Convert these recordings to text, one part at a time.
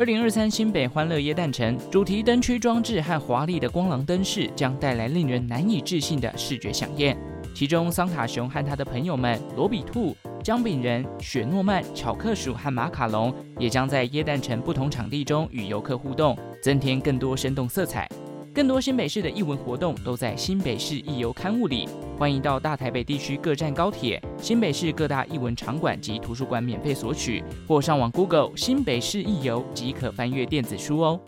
二零二三新北歡樂耶誕城主題燈區裝置和華麗的光廊燈飾將帶來令人難以置信的視覺饗宴。其中，桑塔熊和他的朋友們羅比兔、薑餅人、雪諾曼、巧克鼠和馬卡龍也將在耶誕城不同場地中與遊客互動，增添更多生動色彩。更多新北市的藝文活動都在新北市藝遊刊物裡，歡迎到大台北地區各站高鐵、新北市各大藝文場館及圖書館免費索取，或上網 Google 新北市藝遊即可翻閱電子書哦。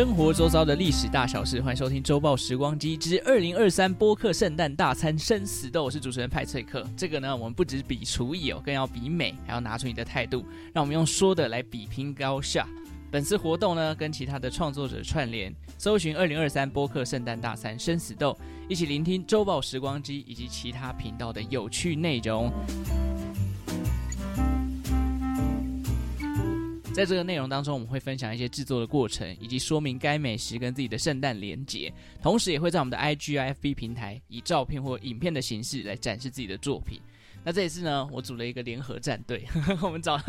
生活周遭的歷史大小事，歡迎收聽《週報時光機》之二零二三播客聖誕大餐生死鬥，我是主持人派翠克。這個呢，我們不只比廚藝哦，更要比美，還要拿出你的態度，讓我們用說的來比拼高下。本次活動呢，跟其他的創作者串聯，搜尋二零二三播客聖誕大餐生死鬥，一起聆聽《週報時光機》以及其他頻道的有趣內容。在這個內容當中，我們會分享一些制作的過程，以及說明該美食跟自己的聖誕連結。同時，也會在我們的 IG、FB 平台以照片或影片的形式來展示自己的作品。那這一次呢，我組了一個聯合戰隊，我們找了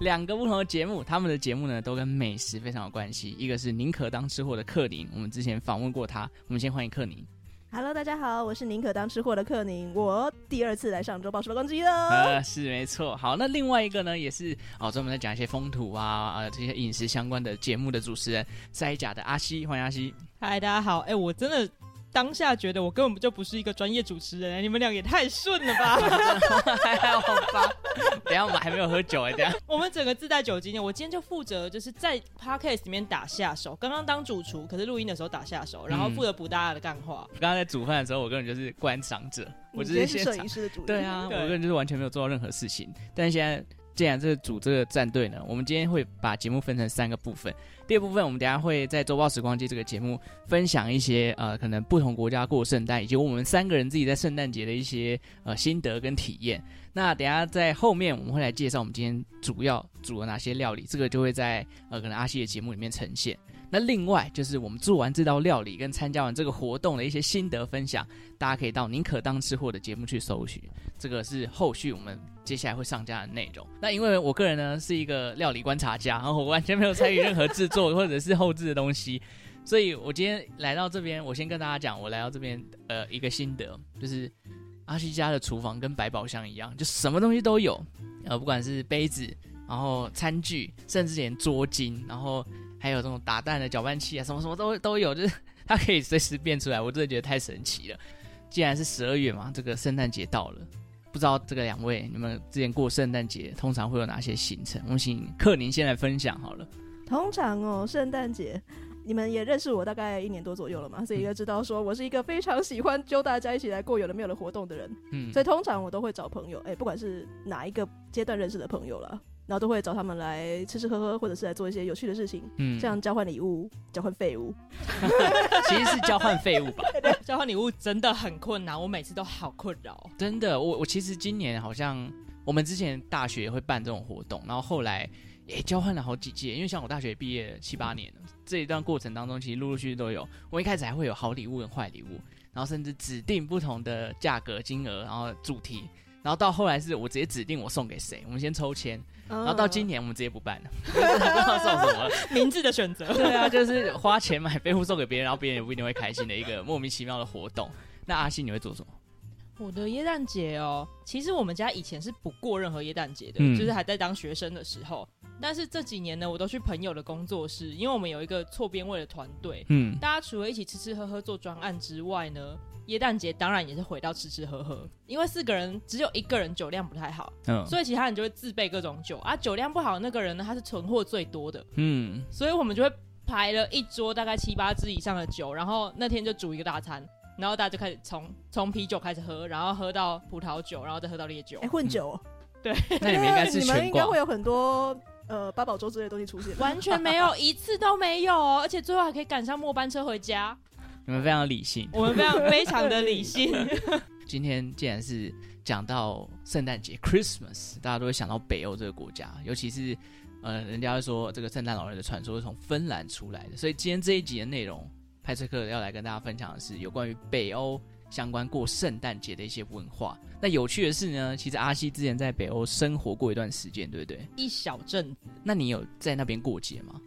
兩個不同的節目，他們的節目呢都跟美食非常有關係。一個是寧可當吃貨的克林，我們之前訪問過他，我們先歡迎克林。哈嘍，大家好，我是寧可當吃貨的克寧，我第二次來上《週報時光機》了。呃，是沒錯，好，那另外一個呢，也是哦，專門在講一些風土啊，呃，這些飲食相關的節目的主持人，塞呷的阿西，歡迎阿西。嗨，大家好，哎、欸，我真的。當下覺得我根本就不是一個專業主持人、欸，你們倆也太順了吧？好 吧， 等下我們還沒有喝酒哎、欸，等下 我們整個自帶酒精的，我今天就負責就是在 podcast 裡面打下手，剛剛當主廚，可是錄音的時候打下手，然後負責補大家的幹話。剛、嗯、剛在煮飯的時候，我個人就是觀賞者，我就是一些攝影師的主持人。對啊，我個人就是完全沒有做到任何事情，但現在。既然這是、個、組織的戰隊呢，我們今天會把節目分成三個部分。第二部分，我們等下會在週報時光機這個節目分享一些呃，可能不同國家過聖誕，以及我們三個人自己在聖誕節的一些呃心得跟體驗。那等下在後面我們會來介紹我們今天主要煮了哪些料理，這個就會在呃可能阿西的節目裡面呈現。那另外就是我們做完這道料理跟參加完這個活動的一些心得分享，大家可以到寧可當吃貨的節目去搜尋，這個是後續我們接下來會上架的內容。那因為我個人呢是一個料理觀察家，然後我完全沒有參與任何制作或者是後製的東西， 所以我今天來到這邊，我先跟大家講我來到這邊呃一個心得，就是。阿西家的廚房跟百寶箱一樣，就什麼東西都有，呃，不管是杯子，然後餐具，甚至連桌巾，然後還有這種打蛋的攪拌器啊，什麼什麼都都有，就是它可以隨時變出來，我真的覺得太神奇了。既然是十二月嘛，這個聖誕節到了，不知道這個兩位你們之前過聖誕節通常會有哪些行程？我們請克林先來分享好了。通常哦，聖誕節。你們也認識我大概一年多左右了嘛，所以應該知道說我是一個非常喜歡揪大家一起來過有的沒有的活動的人，嗯，所以通常我都會找朋友，哎、欸，不管是哪一個階段認識的朋友了，然後都會找他們來吃吃喝喝，或者是來做一些有趣的事情，嗯，這樣交換禮物，交換廢物， 其實是交換廢物吧， 交換禮物真的很困難，我每次都好困擾。真的，我我其實今年好像我們之前大學也會辦這種活動，然後後來。哎、欸，交換了好幾屆、欸，因為像我大學畢業七八年，這一段過程當中，其實陸陸續續都有。我一開始還會有好禮物跟壞禮物，然後甚至指定不同的價格金額，然後主題，然後到後來是我直接指定我送給誰。我們先抽籤，然後到今年我們直接不辦了，不知道送、嗯、 什麼？明智的選擇。對啊，就是花錢買禮物送給別人，然後別人也不一定會開心的一個莫名其妙的活動。那阿西你會做什麼？我的耶誕節哦，其實我們家以前是不過任何耶誕節的、嗯，就是還在當學生的時候。但是這幾年呢，我都去朋友的工作室，因為我們有一個錯編位的團隊，嗯，大家除了一起吃吃喝喝做專案之外呢，耶誕節當然也是回到吃吃喝喝。因為四個人只有一個人酒量不太好，嗯、哦，所以其他人就會自備各種酒啊，酒量不好的那個人呢，他是存貨最多的，嗯，所以我們就會排了一桌大概七八支以上的酒，然後那天就煮一個大餐。然後大家就開始從從啤酒開始喝，然後喝到葡萄酒，然後再喝到烈酒，欸、混酒。嗯、對，那你們應該是你們應該會有很多呃八寶粥之類的東西出現？ 完全沒有，一次都沒有，而且最後還可以趕上末班車回家。你們非常理性， 我們非常非常的理性。對對對 今天既然是講到聖誕節 Christmas，大家都會想到北歐這個國家，尤其是呃，人家會說這個聖誕老人的傳說是從芬蘭出來的，所以今天這一集的內容。派翠克要來跟大家分享的是有關於北歐相關過聖誕節的一些文化。那有趣的是呢，其實阿西之前在北歐生活過一段時間，對不對？一小陣。那你有在那邊過節嗎？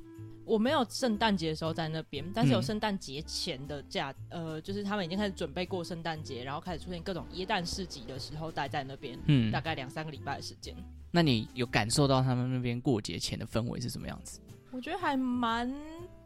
我沒有聖誕節的時候在那邊，但是有聖誕節前的假、嗯，呃，就是他們已經開始準備過聖誕節，然後開始出現各種耶誕市集的時候，待在那邊、嗯，大概兩三個禮拜的時間。那你有感受到他們那邊過節前的氛圍是什麼樣子？我覺得還蠻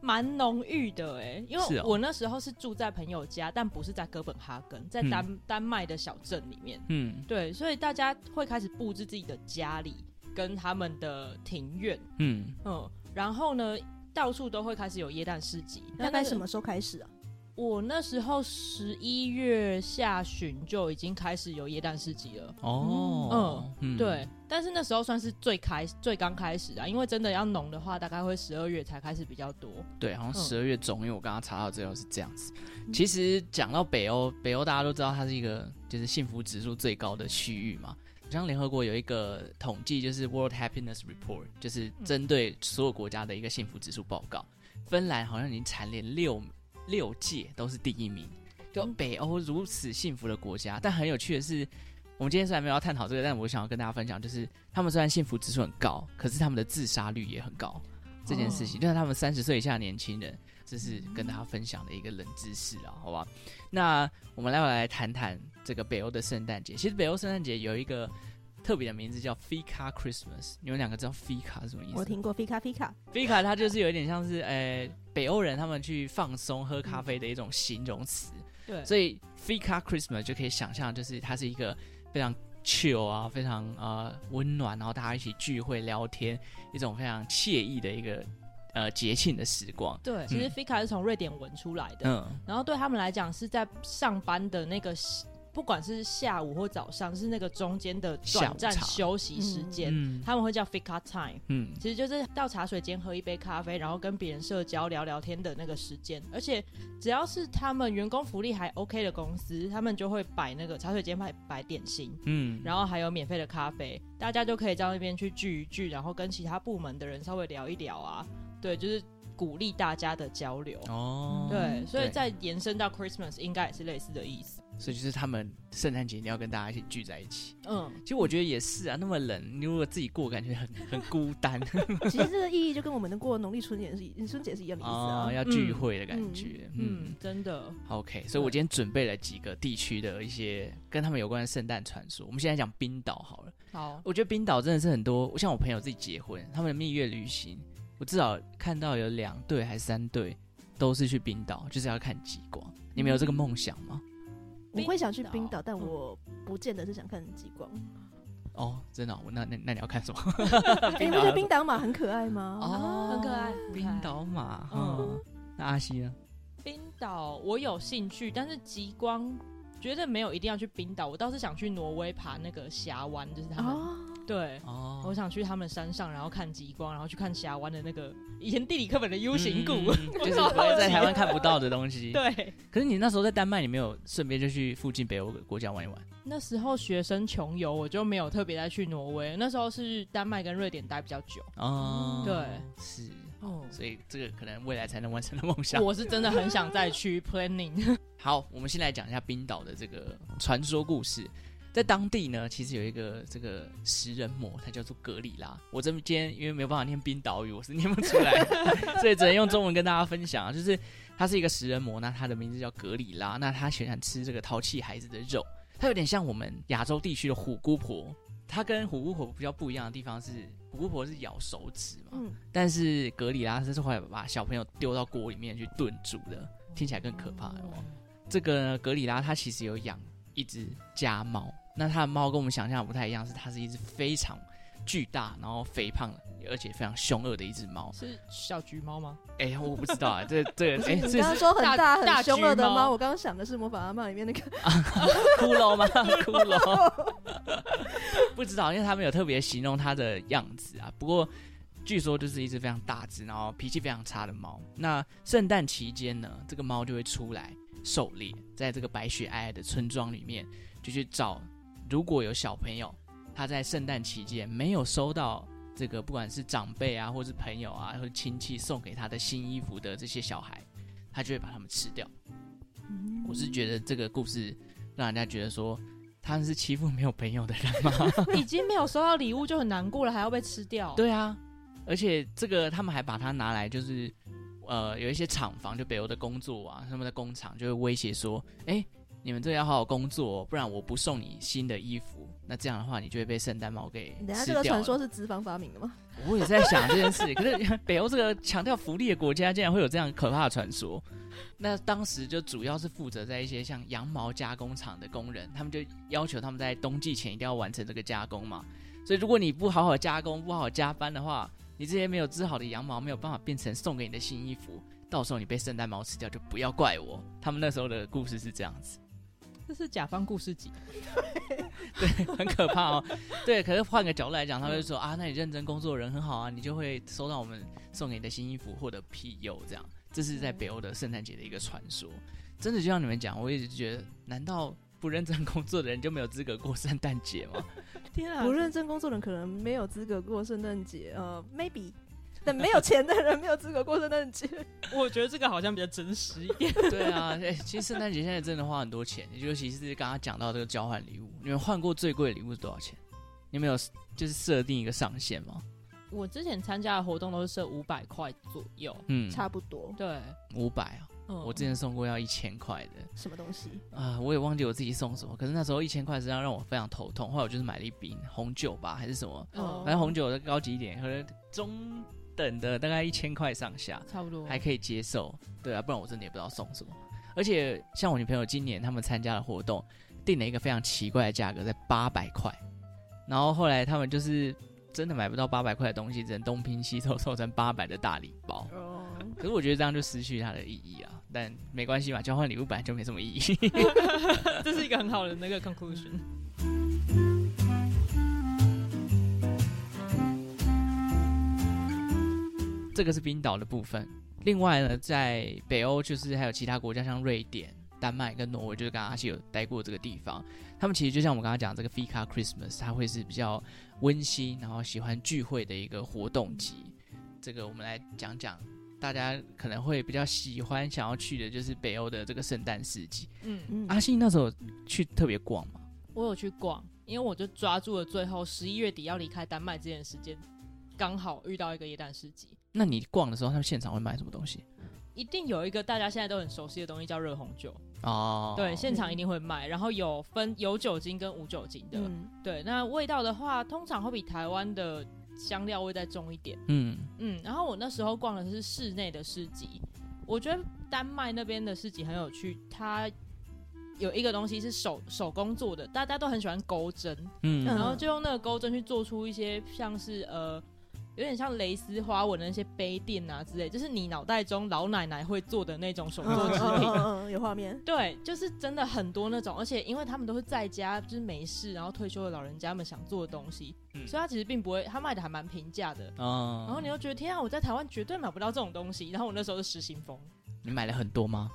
蠻濃郁的哎、欸，因為我那時候是住在朋友家，但不是在哥本哈根，在丹、嗯、丹麥的小鎮裡面。嗯，對，所以大家會開始布置自己的家裡跟他們的庭院。嗯，嗯，然後呢，到處都會開始有耶誕市集。大概什麼時候開始啊？我那時候十一月下旬就已經開始有耶誕市集了哦、oh, 嗯，嗯，對嗯，但是那時候算是最開最剛開始啊，因為真的要濃的話，大概會十二月才開始比較多。對，好像十二月中、嗯，因為我剛剛查到資料是這樣子。其實講到北歐，北歐大家都知道它是一個就是幸福指數最高的區域嘛。好像聯合國有一個統計，就是 World Happiness Report，就是針對所有國家的一個幸福指數報告。嗯、芬蘭好像已經蟬聯六。六屆都是第一名，就、嗯、北歐如此幸福的國家。但很有趣的是，我們今天雖然沒有要探討這個，但我想要跟大家分享，就是他們雖然幸福指數很高，可是他們的自殺率也很高這件事情。哦、就是他們三十歲以下的年輕人，這是跟大家分享的一個冷知識啊，好吧？那我們來來談談這個北歐的聖誕節。其實北歐聖誕節有一個。特別的名字叫 Fika Christmas，你們兩個知道 Fika 是什麼意思？我聽過 Fika Fika Fika，它就是有一點像是，誒、嗯呃，北歐人他們去放鬆喝咖啡的一種形容詞。對、嗯，所以 Fika Christmas 就可以想象，就是它是一個非常 chill 啊，非常啊溫、呃、暖，然後大家一起聚會聊天，一種非常愜意的一個呃節慶的時光。對，嗯、其實 Fika 是從瑞典文出來的，嗯，然後對他們來講，是在上班的那個時。不管是下午或早上，是那個中間的短暫休息時間，嗯，他們會叫 fika time，嗯，其實就是到茶水間喝一杯咖啡，然後跟別人社交聊聊天的那個時間。而且只要是他們員工福利還 OK 的公司，他們就會擺那個茶水間擺擺點心，嗯，然後還有免費的咖啡，大家就可以到那邊去聚一聚，然後跟其他部門的人稍微聊一聊啊。對，就是鼓勵大家的交流哦。對，所以再延伸到 Christmas 應該也是類似的意思。所以就是他們聖誕節，你要跟大家一起聚在一起，嗯，其實我覺得也是啊。那麼冷，你如果自己過，感覺很很孤單。 其實這個意義就跟我們能過農曆春節是春節是一樣的意思啊，哦、要聚會的感覺嗯嗯嗯，嗯，真的。OK，所以我今天準備了幾個地區的一些跟他們有關的聖誕傳說。我們現在講冰島好了，好，我覺得冰島真的是很多。我像我朋友自己結婚，他們的蜜月旅行，我至少看到有兩對還是三對都是去冰島，就是要看極光。你們有，有這個夢想嗎？嗯我會想去冰島、嗯，但我不見得是想看極光哦。真的、哦，我那那那你要看什麼？ 欸、你不覺得冰島馬很可愛嗎？哦，哦，很可愛，很可愛。冰島馬、嗯，嗯，那阿西呢？冰島我有興趣，但是極光覺得沒有一定要去冰島。我倒是想去挪威爬那個峽灣，就是他們、哦對，oh. 我想去他們山上，然後看極光，然後去看峽灣的那個以前地理課本的 U 型谷。嗯、就是我在台灣看不到的東西。 對，可是你那時候在丹麥，你沒有順便就去附近北歐的國家玩一玩？那時候學生窮遊，我就沒有特別再去挪威。那時候是丹麥跟瑞典待比較久。哦、oh.，對，是哦，oh. 所以這個可能未來才能完成的夢想。我是真的很想再去 planning。 好，我們先來講一下冰島的這個傳說故事。在當地呢，其實有一個這個食人魔，它叫做格里拉。我這今天因為沒有辦法念冰島語，我是念不出來的， 所以只能用中文跟大家分享啊。就是它是一個食人魔，那它的名字叫格里拉。那它喜歡吃這個淘氣孩子的肉，它有點像我們亞洲地區的虎姑婆。它跟虎姑婆比較不一樣的地方是，虎姑婆是咬手指嘛，嗯、但是格里拉它是會把小朋友丟到鍋裡面去燉煮的，聽起來更可怕哦。這個呢，格里拉它其實有養一隻家貓。那它的貓跟我們想象的不太一樣，是它是一隻非常巨大，然後肥胖，而且非常兇惡的一隻貓。是小橘貓嗎？哎、欸，我不知道，啊。這 這，對是欸、你剛剛說很大、 很兇惡的貓，我剛剛想的是《魔法阿嬤》裡面那個、啊、 骷髏嗎？骷髏， 不知道，因為他沒有特別形容它的樣子啊。不過據說就是一隻非常大隻，然後脾氣非常差的貓。那聖誕期間呢，這個貓就會出來狩獵，在這個白雪皚皚的村莊裡面就去找。如果有小朋友他在聖誕期間沒有收到這個，不管是長輩啊，或是朋友啊，或者親戚送給他的新衣服的這些小孩，他就會把他們吃掉。我是覺得這個故事讓人家覺得說他是欺負沒有朋友的人嗎？ 已經沒有收到禮物就很難過了，還要被吃掉？對啊，而且這個他們還把它拿來就是呃有一些廠房，就北歐的工作啊，他們的工廠就會威脅說，哎、欸。你們這要好好工作，不然我不送你新的衣服。那這樣的話，你就會被聖誕貓給。你等下這個傳說是資方發明的嗎？我也是在想這件事。可是北歐這個強調福利的國家，竟然會有這樣可怕的傳說。那當時就主要是負責在一些像羊毛加工廠的工人，他們就要求他們在冬季前一定要完成這個加工嘛。所以如果你不好好加工，不好好加班的話，你這些沒有織好的羊毛沒有辦法變成送給你的新衣服。到時候你被聖誕貓吃掉，就不要怪我。他們那時候的故事是這樣子。這是甲方故事集，對，對，很可怕哦。對，可是換個角度來講，他會說啊，那你認真工作的人很好啊，你就會收到我們送給你的新衣服或者庇佑，這樣。這是在北歐的聖誕節的一個傳說。真的，就像你們講，我一直覺得，難道不認真工作的人就沒有資格過聖誕節嗎？天啊，不認真工作的人可能沒有資格過聖誕節。呃，maybe。沒有錢的人沒有資格過聖誕節， 我覺得這個好像比較真實一點 對啊，欸、其實聖誕節現在真的花很多錢， 尤其是剛剛講到這個交換禮物，你們換過最貴的禮物是多少錢？你們有就是設定一個上限嗎？我之前參加的活動都是設五百塊左右，嗯，差不多。對，五百啊、嗯，我之前送過要一千塊的，什麼東西啊？我也忘記我自己送什麼，可是那時候一千塊實際上讓我非常頭痛。後來我就是買了一瓶紅酒吧，還是什麼？嗯、反正紅酒的高級一點，可能中。等的大概一千塊上下，差不多還可以接受。對啊，不然我真的也不知道送什麼。而且像我女朋友今年他們參加了活動，定了一個非常奇怪的價格，在八百塊。然後後來他們就是真的買不到八百塊的東西，只能東拼西湊湊成八百的大禮包。Oh. 可是我覺得這樣就失去它的意義啊。但沒關係嘛，交換禮物本來就沒什麼意義。 這是一個很好的那個 conclusion。這個是冰島的部分。另外呢，在北歐就是還有其他國家，像瑞典、丹麥跟挪威，就是跟阿信有待過這個地方。他們其實就像我們剛剛講這個 Fika Christmas，它會是比較溫馨，然後喜歡聚會的一個活動集。嗯、這個我們來講講大家可能會比較喜歡想要去的，就是北歐的這個聖誕市集。嗯嗯，阿信那時候去特別逛嘛？我有去逛，因為我就抓住了最後十一月底要離開丹麥這段時間，剛好遇到一個耶誕市集。那你逛的時候，他們現場會賣什麼東西？一定有一個大家現在都很熟悉的東西，叫熱紅酒哦。Oh. 對，現場一定會賣，然後有分有酒精跟無酒精的。Mm. 對，那味道的話，通常會比台灣的香料味再重一點。嗯、mm. 嗯。然後我那時候逛的是室內的市集，我覺得丹麥那邊的市集很有趣。它有一個東西是手手工做的，大家都很喜歡鈎針。嗯。然後就用那個鈎針去做出一些像是呃。有點像蕾絲花紋的那些杯墊啊之類，就是你腦袋中老奶奶會做的那種手作制品，uh, uh, uh, uh, uh, uh, uh, uh, 有畫面。對，就是真的很多那種，而且因為他們都是在家，就是沒事，然後退休的老人家們想做的東西，嗯、所以他其實並不會，他賣的還蠻平價的。啊、oh.，然後你又覺得天啊，我在台灣絕對買不到這種東西，然後我那時候是失心瘋，你買了很多嗎？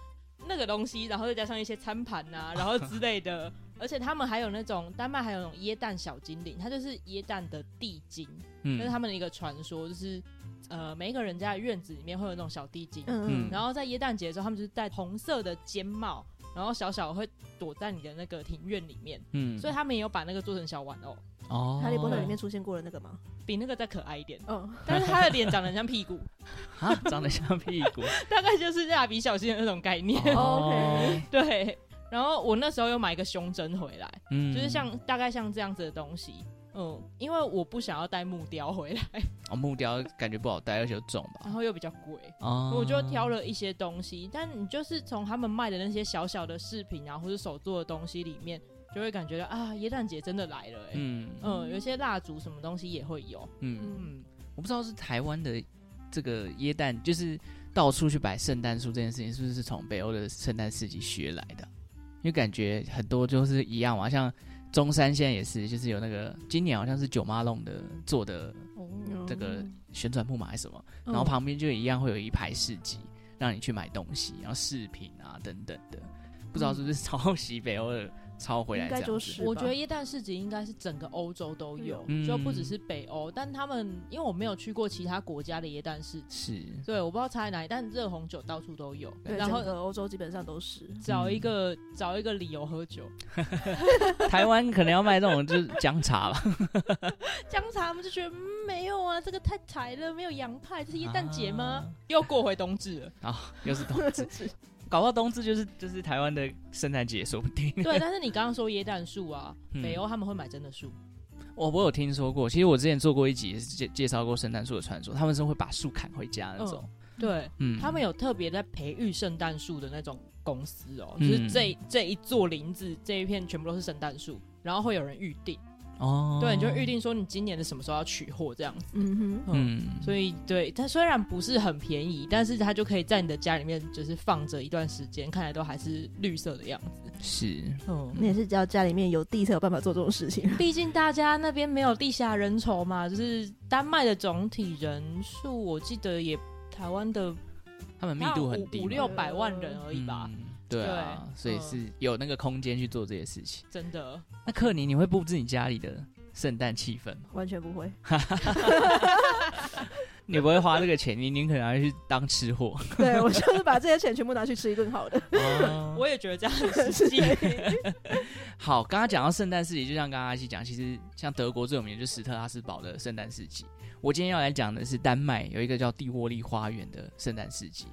那個東西，然後再加上一些餐盤啊，然後之類的。 而且他們還有那種丹麥還有那種耶誕小精靈，它就是耶誕的地精，那、嗯、是他們的一個傳說，就是呃，每一個人家的院子裡面會有那種小地精，嗯嗯，然後在耶誕節的時候，他們就是戴紅色的尖帽，然後小小會躲在你的那個庭院裡面，嗯，所以他們也有把那個做成小玩偶，哦，哈利波特裡面出現過的那個嗎？比那個再可愛一點，哦，但是他的臉長得很像屁股， 啊，長得像屁股， 大概就是蠟筆小新的那種概念、哦、，OK， 對。然後我那時候又買一個胸針回來，嗯，就是像大概像這樣子的東西，嗯，因為我不想要帶木雕回來，哦，木雕感覺不好帶，而且又重吧，然後又比較貴，哦，我就挑了一些東西。但你就是從他們賣的那些小小的飾品啊，或者手做的東西裡面，就會感覺到啊，耶誕節真的來了、欸，哎，嗯，嗯，有些蠟燭什麼東西也會有，嗯嗯，我不知道是台灣的這個耶誕，就是到處去擺聖誕樹這件事情，是不是從北歐的聖誕市集學來的？因為感覺很多就是一樣嘛，像中山現在也是，就是有那個今年好像是九媽弄的做的、oh、這個旋轉木馬還是什麼，oh、然後旁邊就一樣會有一排市集，oh、讓你去買東西，然後飾品啊等等的，不知道是不是抄襲北歐的。嗯抄回來，應該就是。我覺得耶誕市集應該是整個歐洲都有、嗯，就不只是北歐。但他們因為我沒有去過其他國家的耶誕市集，是對，所以我不知道差在哪裡。但熱紅酒到處都有，然後歐洲基本上都是找一個、嗯、找一個理由喝酒。 台灣可能要賣這種就是薑茶吧。薑 茶我們就覺得、嗯、沒有啊，這個太柴了，沒有洋派。這是耶誕節嗎、啊？又過回冬至了啊、哦，又是冬至。 搞不好冬至就是就是台灣的聖誕節，說不定。對，但是你剛剛說耶誕樹啊， 北歐他們會買真的樹。我、嗯、我有聽說過，其實我之前做過一集，介介紹過聖誕樹的傳說，他們是會把樹砍回家那種、嗯。對，嗯，他們有特別在培育聖誕樹的那種公司哦、喔，就是這一、嗯、這一座林子，這一片全部都是聖誕樹，然後會有人預定。哦，對，你就預定說你今年的什麼時候要取貨這樣子，嗯哼，嗯，所以對，它雖然不是很便宜，但是它就可以在你的家裡面，就是放着一段時間，看來都還是綠色的樣子。是，哦、嗯，那也是只要家裡面有地才有辦法做這種事情。畢竟大家那邊沒有地下人稠嘛，就是丹麥的總體人數，我記得也台灣的，他們密度很低，五，五六百萬人而已吧。嗯嗯對啊，對，所以是有那個空間去做這些事情。真的？那克尼，你會布置你家裡的聖誕氣氛嗎？完全不會， 你不會花這個錢，你寧可拿去當吃貨。對，我就是把這些錢全部拿去吃一頓好的。 uh, 我也覺得這樣很實際。 對 好，剛剛講到聖誕市集，就像剛剛阿西講，其實像德國最有名的就是斯特拉斯堡的聖誕市集。我今天要來講的是丹麥有一個叫蒂沃利花園的聖誕市集。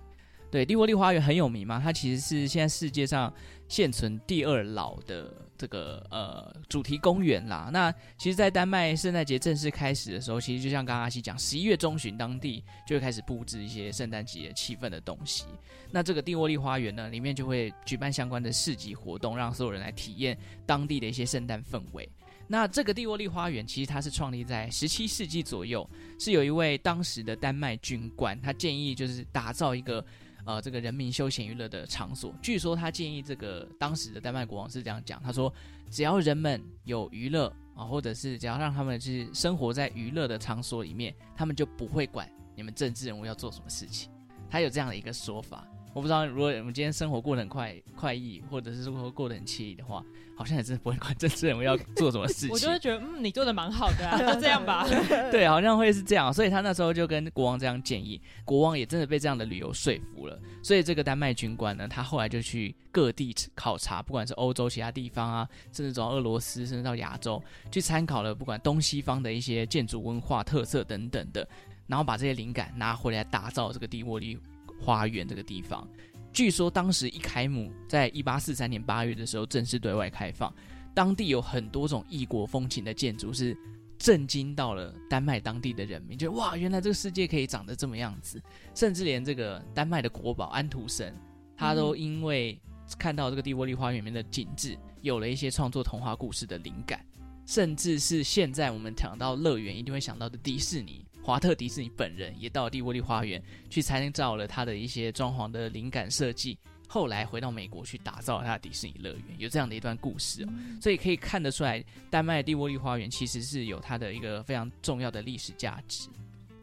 對，蒂沃利花園很有名嘛，它其實是現在世界上現存第二老的這個呃主題公園啦。那其實，在丹麥聖誕節正式開始的時候，其實就像剛剛阿西講，十一月中旬當地就會開始布置一些聖誕節的氣氛的東西。那這個蒂沃利花園呢，裡面就會舉辦相關的市集活動，讓所有人來體驗當地的一些聖誕氛圍。那這個蒂沃利花園其實它是創立在十七世紀左右，是有一位當時的丹麥軍官，他建議就是打造一個。呃，這個人民休閒娛樂的場所，據說他建議這個當時的丹麥國王是這樣講，他說，只要人們有娛樂啊，或者是只要讓他們去生活在娛樂的場所裡面，他們就不會管你們政治人物要做什麼事情。他有這樣的一個說法。我不知道，如果我們今天生活過得很快快意，或者是如果過得很愜意的話，好像也真的不會管政治人物要做什麼事情。 我就會覺得，嗯，你做的蠻好的啊， 就這樣吧。 對，好像會是這樣。所以他那時候就跟國王這樣建議，國王也真的被這樣的理由說服了。所以這個丹麥軍官呢，他後來就去各地考察，不管是歐洲其他地方啊，甚至從俄羅斯，甚至到亞洲，去參考了不管東西方的一些建築文化特色等等的，然後把這些靈感拿回來，來打造這個地窩里花園這個地方，據說當時一開幕，在一八四三年八月的時候正式對外開放。當地有很多種異國風情的建築，是震驚到了丹麥當地的人民，覺得哇，原來這個世界可以長得這麼樣子。甚至連這個丹麥的國寶安徒生，他都因為看到這個蒂沃利花園裡面的景致，有了一些創作童話故事的靈感。甚至是現在我們想到樂園，一定會想到的迪士尼。華特迪士尼本人也到帝沃利花園去參照了他的一些裝潢的靈感設計，後來回到美國去打造了他的迪士尼樂園，有這樣的一段故事喔。所以可以看得出來，丹麥的帝沃利花園其實是有它的一個非常重要的歷史價值。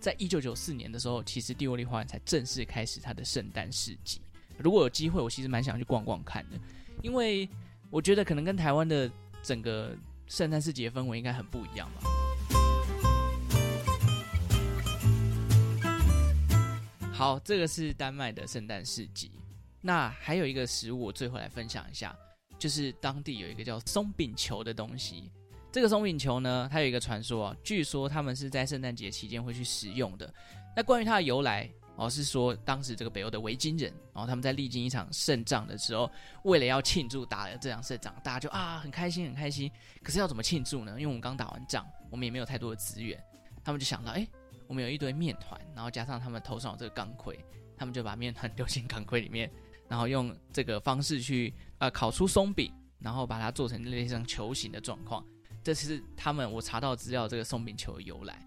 在一九九四年的時候，其實帝沃利花園才正式開始它的聖誕市集。如果有機會，我其實蠻想去逛逛看的，因為我覺得可能跟台灣的整個聖誕市集的氛圍應該很不一樣吧。好，這個是丹麥的聖誕市集。那還有一個食物，我最後來分享一下，就是當地有一個叫鬆餅球的東西。這個鬆餅球呢，它有一個傳說，據說他們是在聖誕節期間會去食用的。那關於它的由來哦，是說當時這個北歐的維京人，然後他們在歷經一場勝仗的時候，為了要慶祝打了這場勝仗，大家就啊很開心很開心。可是要怎麼慶祝呢？因為我們剛打完仗，我們也沒有太多的資源，他們就想到誒。我們有一堆麵團，然後加上他們頭上有這個鋼盔，他們就把麵團丟進鋼盔裡面，然後用這個方式去、呃、烤出鬆餅，然後把它做成類似像球形的狀況。這是他們我查到資料這個鬆餅球的由來。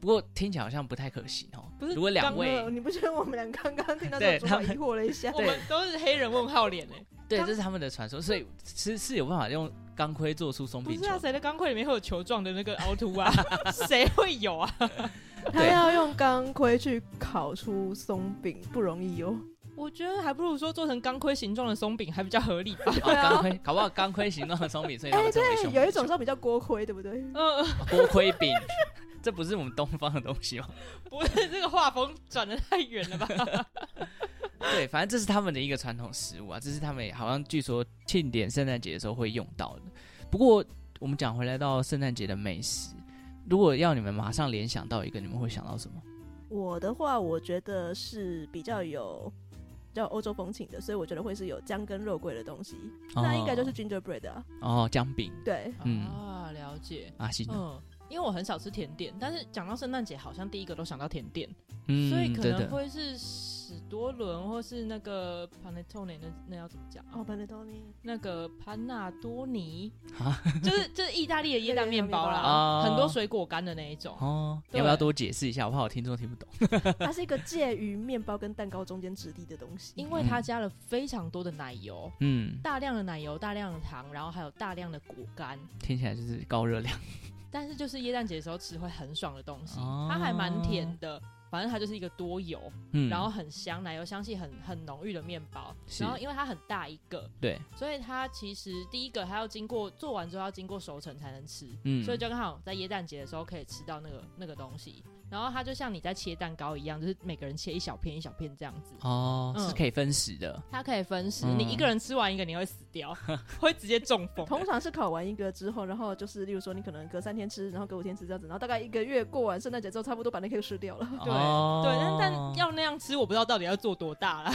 不過聽起來好像不太可行哦。不是，如果兩位，你不覺得我們兩剛剛聽到這個疑惑了一下？對，對都是黑人問號臉呢、欸。對，這是他們的傳說，所以其實是有辦法用鋼盔做出鬆餅球。不知道誰的鋼盔裡面會有球狀的那個凹凸啊？誰 會有啊？ 他要用鋼盔去烤出鬆餅不容易哦，我覺得還不如說做成鋼盔形狀的鬆餅還比較合理吧。搞、啊啊哦、不好鋼盔形狀的鬆餅、欸，所以它們成為鬆餅、欸、有一種叫比較鍋盔，對不對？嗯、哦，鍋盔餅， 這不是我們東方的東西嗎？不是，這個畫風轉得太遠了吧？ 對，反正這是他們的一個傳統食物啊，這是他們好像據說慶典聖誕節的時候會用到的。不過我們講回來到聖誕節的美食。如果要你們馬上聯想到一個，你們會想到什麼？我的話，我覺得是比較有比較歐洲風情的，所以我覺得會是有薑跟肉桂的東西，哦、那應該就是 gingerbread、啊。哦，薑餅。對，嗯啊，了解啊，嗯、呃，因為我很少吃甜點，但是講到聖誕節，好像第一個都想到甜點，嗯，所以可能會是。是多倫，或是那個 Panettone，那那要怎麼講啊？哦、oh，Panettone，那個潘納多尼啊，就是就是意大利的耶誕麵包啦。 很多水果乾的那一種。哦，要不要多解釋一下？我怕我聽眾聽不懂。 它是一個介於麵包跟蛋糕中間質地的東西，因為它加了非常多的奶油，嗯，大量的奶油，大量的糖，然後還有大量的果乾。聽起來就是高熱量， 但是就是耶誕節的時候吃會很爽的東西，哦、它還蠻甜的。反正它就是一個多油，嗯，然後很香，奶油香氣很很濃郁的麵包。然後因為它很大一個，對，所以它其實第一個它要經過做完之後要經過熟成才能吃，嗯，所以就剛好在耶誕節的時候可以吃到那個那個東西。然後它就像你在切蛋糕一樣，就是每個人切一小片一小片這樣子哦、oh, 嗯，是可以分食的。它可以分食，嗯、你一個人吃完一個你會死掉， 會直接中風。 通常是烤完一個之後，然後就是例如說你可能隔三天吃，然後隔五天吃這樣子，然後大概一個月過完聖誕節之後，差不多把那顆吃掉了。對、oh. 對但，但要那樣吃，我不知道到底要做多大了。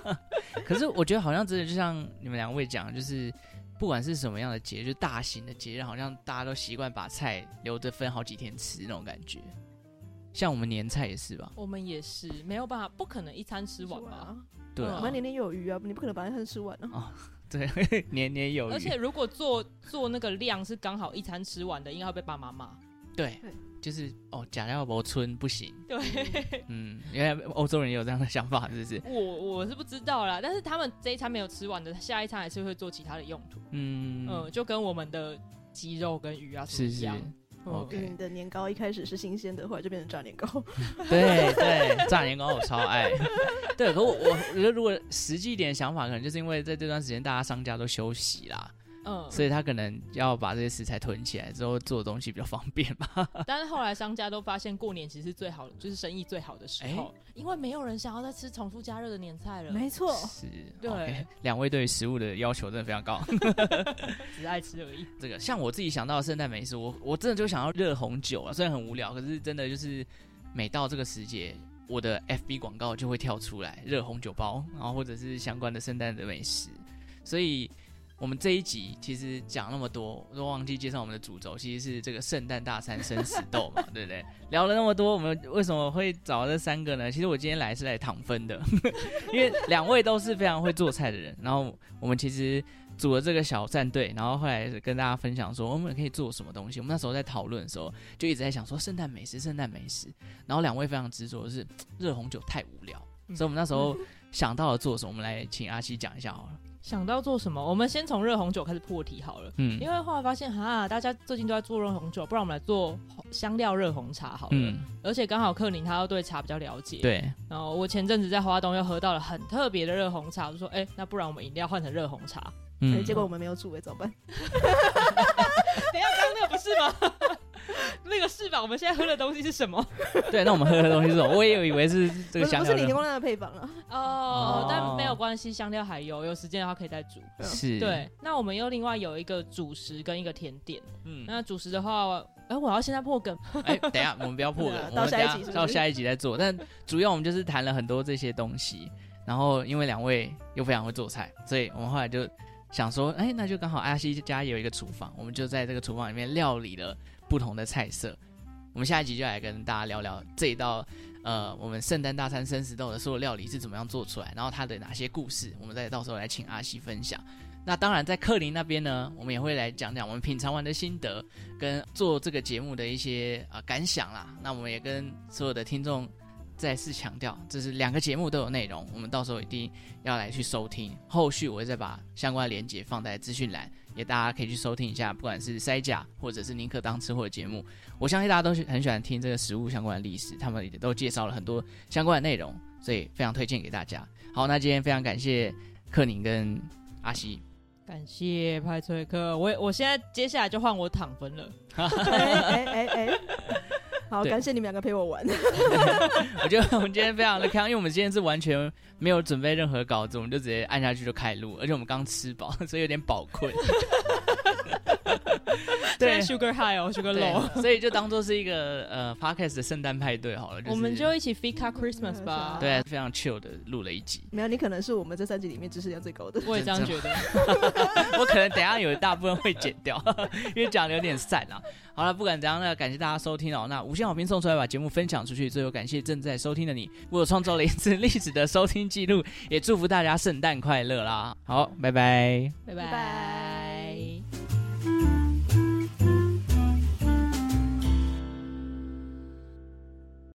可是我覺得好像真的就像你們兩位講，就是不管是什麼樣的節，就是、大型的節，好像大家都習慣把菜留着分好幾天吃那種感覺。像我們年菜也是吧，我們也是沒有辦法，不可能一餐吃完啊、嗯。對，我們年年有餘啊，你不可能把那餐吃完啊。哦、對， 年年有餘。而且如果做做那個量是剛好一餐吃完的，應該會被爸媽罵。對，就是哦，假料薄村不行。對，嗯，因為歐洲人也有這樣的想法，是不是？我我是不知道啦，但是他們這一餐沒有吃完的，下一餐還是會做其他的用途。嗯嗯，就跟我們的雞肉跟魚啊是一樣。是是哦、okay，你的年糕一開始是新鮮的，後來就變成炸年糕。 對對，炸年糕我超愛。 對，可我我覺得如果實際一點想法，可能就是因為在這段時間大家商家都休息啦。嗯，所以他可能要把這些食材囤起來，之後做的東西比較方便吧 但是後來商家都發現，過年其實是最好，就是生意最好的時候，欸、因為沒有人想要再吃重複加熱的年菜了。沒錯，是，對。Okay, 兩位對於食物的要求真的非常高， 只愛吃而已。這個像我自己想到的聖誕美食，我我真的就想要熱紅酒啊。雖然很無聊，可是真的就是每到這個時節，我的 FB 廣告就會跳出來熱紅酒包，然後或者是相關的聖誕的美食，所以。我們這一集其實講那麼多，我都忘記介紹我們的主軸，其實是這個聖誕大餐生死鬥嘛，對不對？聊了那麼多，我們為什麼會找這三個呢？其實我今天來是來躺分的， 因為兩位都是非常會做菜的人。然後我們其實組了這個小戰隊，然後後來跟大家分享說，我們可以做什麼東西？我們那時候在討論的時候，就一直在想說聖誕美食，聖誕美食。然後兩位非常執着，是熱紅酒太無聊，所以我們那時候想到了做什麼？我們來請阿西講一下好了。想到做什麼，我們先從熱紅酒開始破題好了。嗯，因為後來發現哈，大家最近都在做熱紅酒，不然我們來做香料熱紅茶好了。嗯，而且剛好克林他要對茶比較了解。對，然後我前陣子在花東又喝到了很特別的熱紅茶，我就說哎、欸，那不然我們飲料換成熱紅茶。嗯、欸，結果我們沒有主位、欸，怎麼辦？哈哈哈等一下，剛剛那個不是嗎？ 那個是吧？我們現在喝的東西是什麼？ 對，那我們喝的東西是什麼？我也有以為是這個香料。 不是，不是你提供那個配方了，啊，哦，哦，但沒有關係，香料還有，有時間的話可以再煮。是、哦，對。那我們又另外有一個主食跟一個甜點。嗯，那主食的話，哎，呃，我要現在破梗。哎，欸，等一下，我們不要破梗， 啊，到下一集是不是，等一下到下一集再做。但主要我們就是談了很多這些東西，然後因為兩位又非常會做菜，所以我們後來就。想說，哎，那就剛好阿西家有一個廚房，我們就在這個廚房裡面料理了不同的菜色。我們下一集就來跟大家聊聊這一道，呃，我們聖誕大餐生死鬥的所有料理是怎麼樣做出來，然後它的哪些故事，我們再到時候來請阿西分享。那當然，在克林那邊呢，我們也會來講講我們品嘗完的心得跟做這個節目的一些呃感想啦。那我們也跟所有的聽眾。再次強調，這是兩個節目都有內容，我們到時候一定要來去收聽。後續我會再把相關的鏈接放在資訊欄，也大家可以去收聽一下，不管是塞呷或者是寧可當吃貨的節目，我相信大家都喜很喜歡聽這個食物相關的歷史，他們也都介紹了很多相關的內容，所以非常推薦給大家。好，那今天非常感謝克寧跟阿西，感謝派翠克，我我現在接下來就換我躺分了。 好，感謝你們兩個陪我玩。 我覺得我們今天非常的開心，因為我們今天是完全沒有準備任何稿子，我們就直接按下去就開錄，而且我們剛吃飽，所以有點飽困。 對， 對，Sugar High，哦，Sugar Low，所以就當做是一個呃 Podcast 的聖誕派對好了，就是。我們就一起 Fika Christmas 吧。對，非常 chill 的錄了一集。沒有，你可能是我們這三集裡面知識量最高的。我也這樣覺得。 我可能等一下有一大部分會剪掉， 因為講的有點散了，啊。好了，不管怎樣呢，感謝大家收聽哦。那五星好評送出來，把節目分享出去。最後感謝正在收聽的你，為我創造了一次歷史的收聽記錄。也祝福大家聖誕快樂啦！好，拜拜，拜拜。